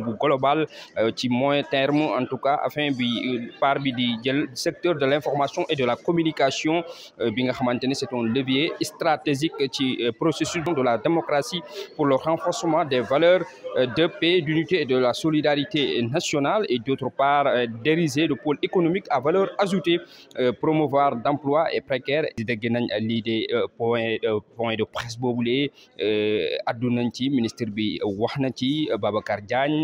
vision global globale euh, ci moyen terme en tout cas afin bi euh, par secteur de l'information et de la communication euh, bi nga c'est un levier stratégique ci processus de la démocratie pour le renforcement des valeurs de paix, d'unité et de la solidarité nationale et d'autre part dériser le pôle économique à valeur ajoutée, promouvoir d'emplois et précaire. l'idée de point de presse bobulé ci ministre bi ci Babacar Diagne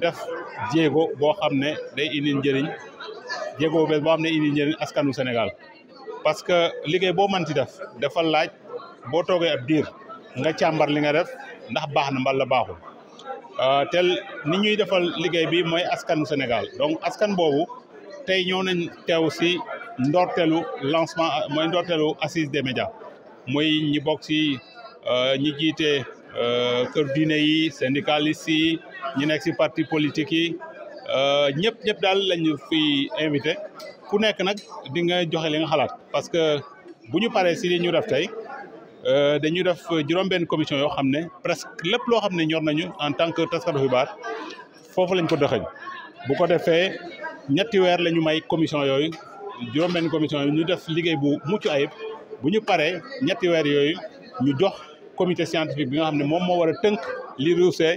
def jéego boo xam ne day indi njëriñ jéego bu bees boo xam ne indi njëriñ askanu Sénégal parce que liggéey boo mënti def defal laaj boo toogee ab diir nga càmbar li nga def ndax baax na mbala baaxul euh, tel ni ñuy defal liggéey bi mooy askanu Sénégal donc askan boobu tey ñoo nañ teew si ndortelu lancement mooy ndorteelu assise de média mooy ñi bokk si euh, ñi jiite euh, kër diine yi syndicalistes yi ñu nekk si parti politique yi euh, ñëpp ñëpp daal lañu fi invité ku nekk nag di nga joxe li nga xalaat parce que bu ñu paree si ñu def tey euh, dañuy def juróom-benn commission yoo xam ne presque lépp loo xam ne ñor nañu en tant que taskatu xibaar foofu lañ ko doxeñ bu ko defee ñetti weer la ñu may commission yooyu juróom-benn commission yooyu ñu def liggéey bu mucc ayib bu ñu paree ñetti weer yooyu ñu jox comité scientifique bi nga xam ne moom moo war a tënk li ruusee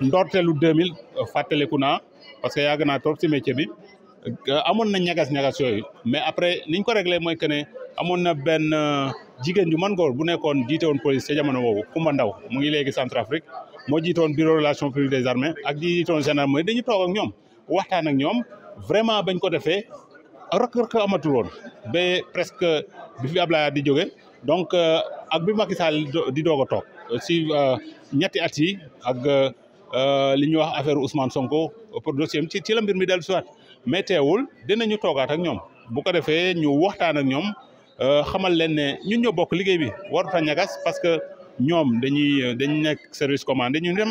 ndorteelu 2000 euh, fàttaliku naa parce que yàgg naa trop si métier bi euh, amoon na ñagas-ñagas yooyu mais après niñ ko réglé mooy que ne amoon na benn euh, jigéen ju man góor bu nekkoon jiite woon police ca jamono boobu Kumba Ndaw mu ngi léegi Centrafrique moo jiite woon bureau relation publique des armées ak jiite woon mooy dañu toog ak ñoom waxtaan ak ñoom vraiment bañ ko defee rëkk-rëkk amatul woon ba presque bi fi Ablaye di joge donc ak bi Macky Sall di doog a toog si ñetti at yi ak. Euh, li ñuy wax affaire Ousmane Sonko pour dossier ci ci la mbir mi dellu si waat mais teewul dinañu toogaat ak ñoom bu ko defee ñu waxtaan ak ñoom euh, xamal leen ne ñun ñoo bokk liggéey bi warut ñagas parce que ñoom dañuy dañ nekk service commandé ñu dem.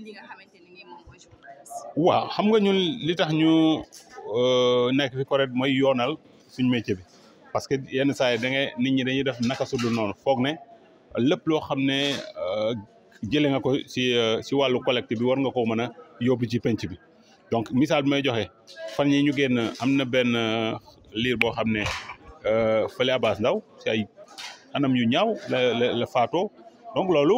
li waaw xam nga ñu li tax ñu euh, nekk fi correct mooy yoonal suñ métier bi parce que yenn saa yi da ngay nit ñi dañuy def naka su noonu foog ne lépp loo xam ne euh, jëlee nga ko si si euh, wàllu collecte bi war nga koo mën a yóbbu ci penc bi donc misaal bi may joxe fan yi ñu génn am na benn liir boo xam ne fële Abass Ndao si ay anam yu ñaaw la la donc loolu.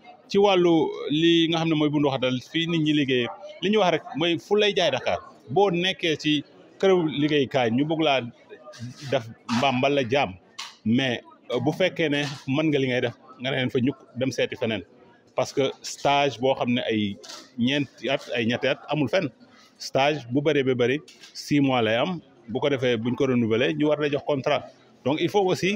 ci wàllu li nga xam ne mooy bundu xatal fii nit ñi liggéey li ñu wax rek mooy fu lay jaay Dakar boo nekkee ci këru liggéeykaay ñu bëgg laa def mbaam la jaam mais euh, bu fekkee ne mën nga li ngay def nga ne leen fa ñukk dem seeti feneen parce que stage boo xam ne ay ñeenti at ay ñetti amul fenn stage bu bëree ba bëri six mois lay am bu ko defee buñ ko renouveler ñu war la jox contrat donc il faut aussi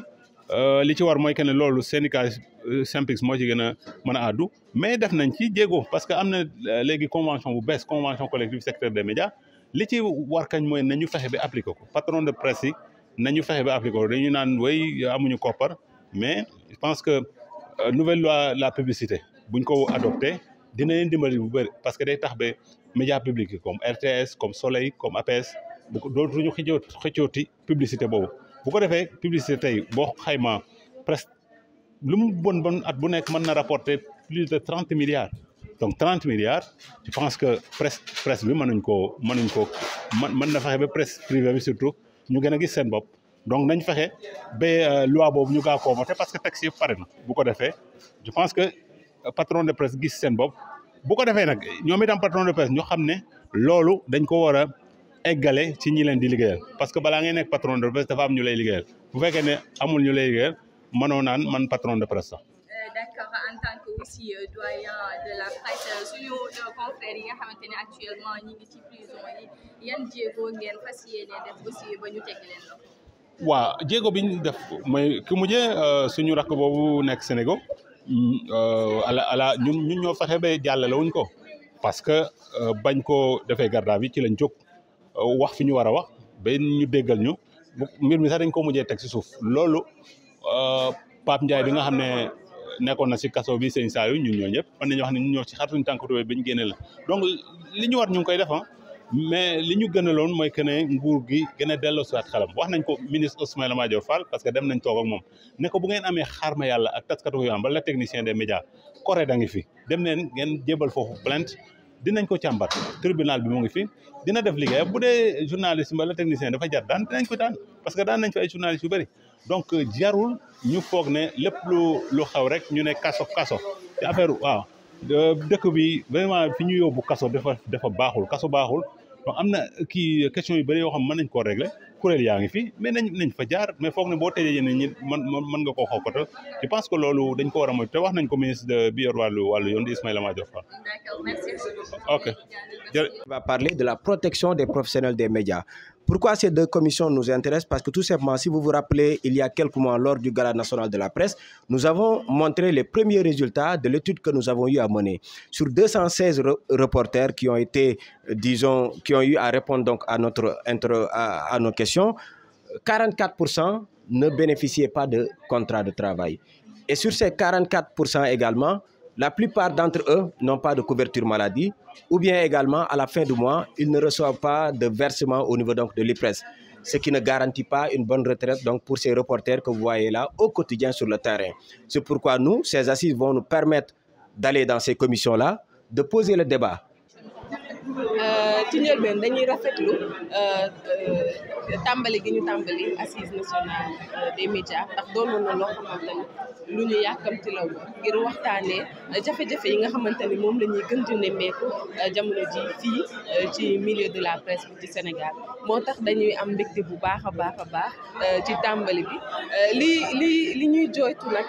Euh, li ci war mooy que ne loolu syndicat euh, SYNPICS moo ci gën a mën a àddu mais def nañ ci jéego parce que am na euh, léegi convention bu bees convention collective secteur des médias li ci war kañ mooy nañu fexe ba appliqué ko patron de presse yi nañu fexe ba appliqué ko dañu naan way amuñu koppar mais je pense que nouvelle loi la publicité buñ ko adopté dina leen dimbali bu bëri parce que day tax ba média public comme RTS comme Soleil comme APS bu ko dootuñu xëccooti publicité boobu bu ko defee publicité tey boo xayma presque lu mu bon bon at bu nekk mën na rapporter plus de 30 milliards donc 30 milliards je pense que presse presse bi mënuñ koo mënuñ koo mën na fexe ba presse privée bi surtout ñu gën a gis seen bopp donc nañ fexe ba euh, loi boobu ñu gaa koo mote parce que texte yi pare na bu ko je pense que euh, patron de presse gis seen bopp bu ko defee nag ñoom itam patron de presse ñu xam ne loolu dañ ko war eggale ci ñi leen di liggéeyal parce que balaa ngay nekk patron de presse dafa ñu lay liggéeyal bu fekkee ne amul ñu lay liggéeyal mënoo naan man patron de presse sax. Euh, d'accord en tant que aussi euh, de la presse euh, yi nga xamante ne actuellement ñi ngi prison yi yan jéego def bi def mooy ki mujjee suñu rakk boobu nekk Sénégal ala ala ñun ñun ñoo fexe ba jàllale wuñ ko parce que bañ koo defee garda bi ci lañ jóg. Euh, wax fi ñu war a wax ba ñu déggal ñu mbir mi sax dañ ko mujjee teg si suuf loolu euh, Pape Ndiaye bi nga xam ne euh, nekkoon na si kaso bi sëñ Saliou ñu ñoo ñëpp mën nañu wax ne ñun ñoo si xartuñ tànk tubéy bi ñu génne la donc li ñu war ñu ngi koy def ah. mais li ñu gënaloon mooy que ne nguur gi gën a delloo siwaat xelam wax nañ ko ministre Ismaïla Madior Fall parce que dem nañ toog moom ne ko bu ngeen amee xarma yàlla ak taskatu yoon ba la technicien des médias Corée da ngi fi dem neen ngeen jébal foofu plainte dinañ ko càmbar tribunal bi mu ngi fi dina def liggéeyam bu dee journaliste mbala technicien dafa jar daan dinañ ko daan parce que daan nañ fi ay journaliste yu bëri donc euh, jarul ñu foog ne lépp lu lu xaw rek ñu ne kaso kaso ci affaire waaw dëkk bi vraiment fi ñu yóbbu kaso dafa dafa baaxul kaso baaxul donc am na kii question yu bëri yoo xam mën nañ koo régler kuréel yaa ngi fi mais nañ nañ fa jaar mais foog ne boo tëjee yéen ñi mën mën nga koo xokkatal je pense que loolu dañ ko war a moytu wax nañ ko ministre bi yor wàllu wàllu yoon di Ismaïla Madior Fall Ok. On va parler de la protection des professionnels des médias. Pourquoi ces deux commissions nous intéressent Parce que tout simplement, si vous vous rappelez, il y a quelques mois, lors du Gala national de la presse, nous avons montré les premiers résultats de l'étude que nous avons eu à mener. Sur 216 reporters qui ont été, euh, disons, qui ont eu à répondre donc à, notre, à nos questions, 44% ne bénéficiaient pas de contrat de travail. Et sur ces 44% également, la plupart d'entre eux n'ont pas de couverture maladie ou bien également à la fin du mois, ils ne reçoivent pas de versement au niveau donc de l'IPRES, ce qui ne garantit pas une bonne retraite donc pour ces reporters que vous voyez là au quotidien sur le terrain. C'est pourquoi nous, ces assises vont nous permettre d'aller dans ces commissions-là, de poser le débat, Euh, ci njëlbeen dañuy rafet rafetlu euh, tàmbali gi ñu tàmbali assise nationale euh, des médias ndax doonoon na loo xamante ni lu ñu yàkkamti law ngir waxtaanee jafe yi nga xamante ni moom la ñuy gën di nemmeeku jamono ji fii ci milieu de la presse ci Sénégal moo tax dañuy am mbégte bu baax a baax a baax ci tàmbali bi li li li ñuy jooytu nag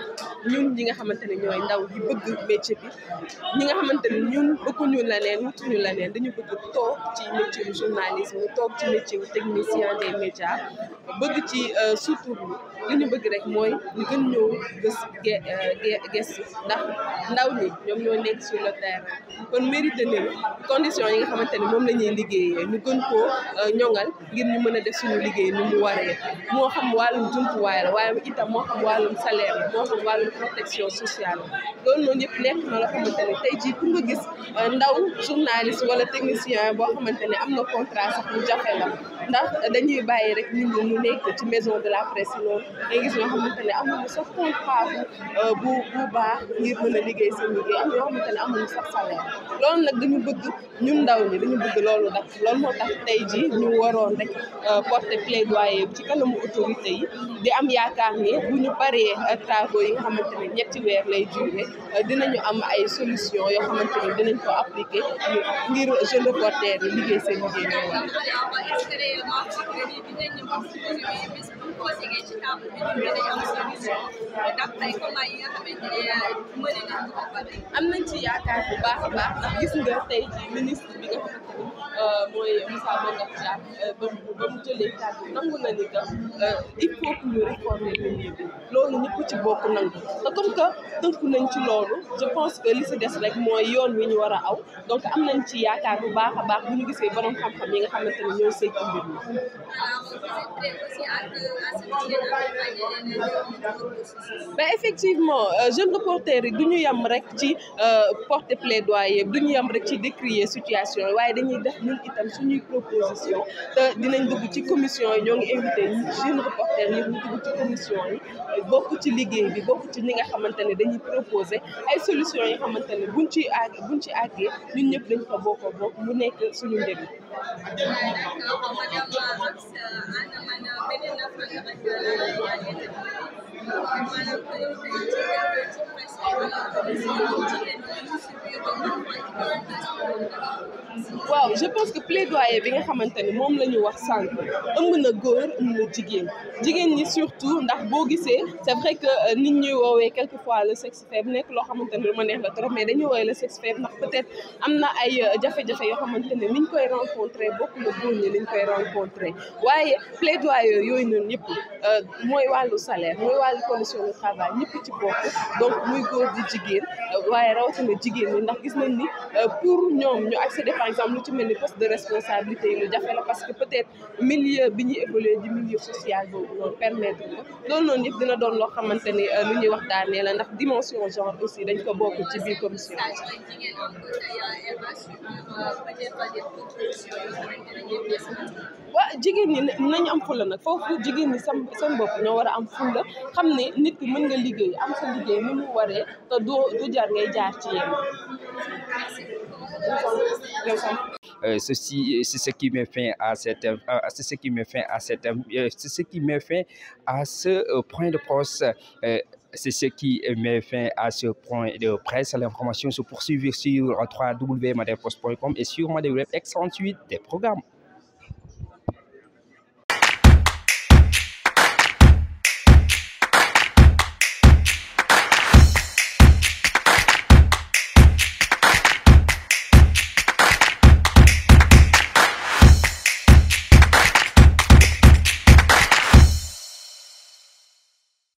ñun ñi nga xamante ne ñooy ndaw yi bëgg métier bi ñi nga xamante ni ñun bëgguñu la neen wutuñu la neen ñu bëgg toog ci métier wu journalisme toog ci métier wu technicien des médias bëgg ci euh, surtout li ñu bëgg rek mooy nu gën ñëw gës gestu euh, ndax ndaw ñi ñoom ñoo nekk su le terrain kon mérite nañu condition yi nga xamante ni moom la ñuy liggéeyee ñu gën koo euh, ñoŋal ngir ñu mën a def suñu liggéey ni mu waree moo xam wàllum jumtuwaay la waaye itam moo xam wàllum salaire moo xam wàllum protection sociale loolu noonu yëpp nekk na loo xamante ni tey jii pour nga gis ndaw journaliste wala technicien boo xamante ne am na contrat sax mu jafe la ndax dañuy bàyyi rek nit ñi mu nekk ci maison de la presse loolu day gis ñoo xamante ne amuñu sax euh, bu bu baax ngir mën a liggéey seen liggéey am yoo xamante ne amuñu sax salaire loolu nag dañu bëgg ñun ndaw ñi dañu bëgg loolu dak loolu moo tax tey jii ñu waroon rek euh, porter plaidoyer ci kanamu autorité yi di am yaakaar ni bu ñu paree euh, travaux yi nga xamante ne ñetti weer lay jure dinañu am ay solution yoo xamante ne ko appliquer ngir jeune reporter yi liggéey seen liggéey né? ñu war am ci yaakaar bu baax a baax ndax gis nga tey ji ministre bi nga xamante ni euh, mooy Moussa Bocar Thiam euh, ba mu ba mu jëlee kàddu nangu na ni que euh, il faut que ñu réformer le milieu loolu ñëpp ci bokk nangu te comme que tënku nañ ci loolu je pense que li si des rek mooy yoon wi ñu war a aw donc am nañ ci yaakaar bu baax a baax bu ñu gisee borom xam-xam yi nga xamante ne ñoo saytu mbir mi. mais ben, effectivement euh, jeune reporter yi du ñu yem rek ci euh, porter plaidoyer du ñu yem rek ci décrier situation yi waaye dañuy def ñun itam suñuy proposition te dinañ dugg ci commission yi ñoo ngi invité jeune reporter yëpp ñu dugg ci commission yi bokk ci liggéey bi bokk ci ñi nga xamante ne dañuy proposer ay solution yi xamante ne buñ ci àgg buñ ci àggee ñun ñëpp dañ ko bokkoo ko mu nekk suñu waaw je pense que plaidoyer bi nga xamante mom lañu wax sànq ëmb na góor ëmb na jigéen jigéen ñi surtout ndax boo gisee c'est vrai que euh, nit ñuy woowee fois le sexe faible nekk loo xamante ni lu ma neex la trop mais dañuy woowee le sexe faible ndax peut-être am na ay euh, jafe-jafe yoo xamante niñ koy rencontrer bokk na góor ñi niñ koy rencontrer waaye plaidoyer yooyu noonu ñëpp euh, mooy wàllu salaire mooy wàllu condition de travail ñëpp ci bokk donc muy góor di jigéen waaye rawatina jigéen ñi ndax gis nañ ni euh, pour ñoom ñu accéder par exemple lu ci mel ni poste de responsabilité yi lu jafe la parce que peut-être milieu bi ñuy évoluer di milieu social boobu loolu permettre ko loolu noonu yëpp dina doon loo xamante ni euh, lu ñuy waxtaanee la ndax dimension genre aussi dañ ko bokk ci biir commission waaw jigéen ñi nañu am fulla nag foofu jigéen ñi sam seen bopp ñoo war a am fulla xam ne nit ki mën nga liggéey am sa liggéey ni mu waree te doo du jar ngay jaar ci yéen euh, ceci, c'est ce qui me fait à cette, euh, c'est ce qui me fait à cette, euh, c'est ce qui me fait à ce point de presse. c'est ce qui met fin à ce point de presse. L'information se poursuit sur www.madepos.com et sur Madeweb 38 des programmes.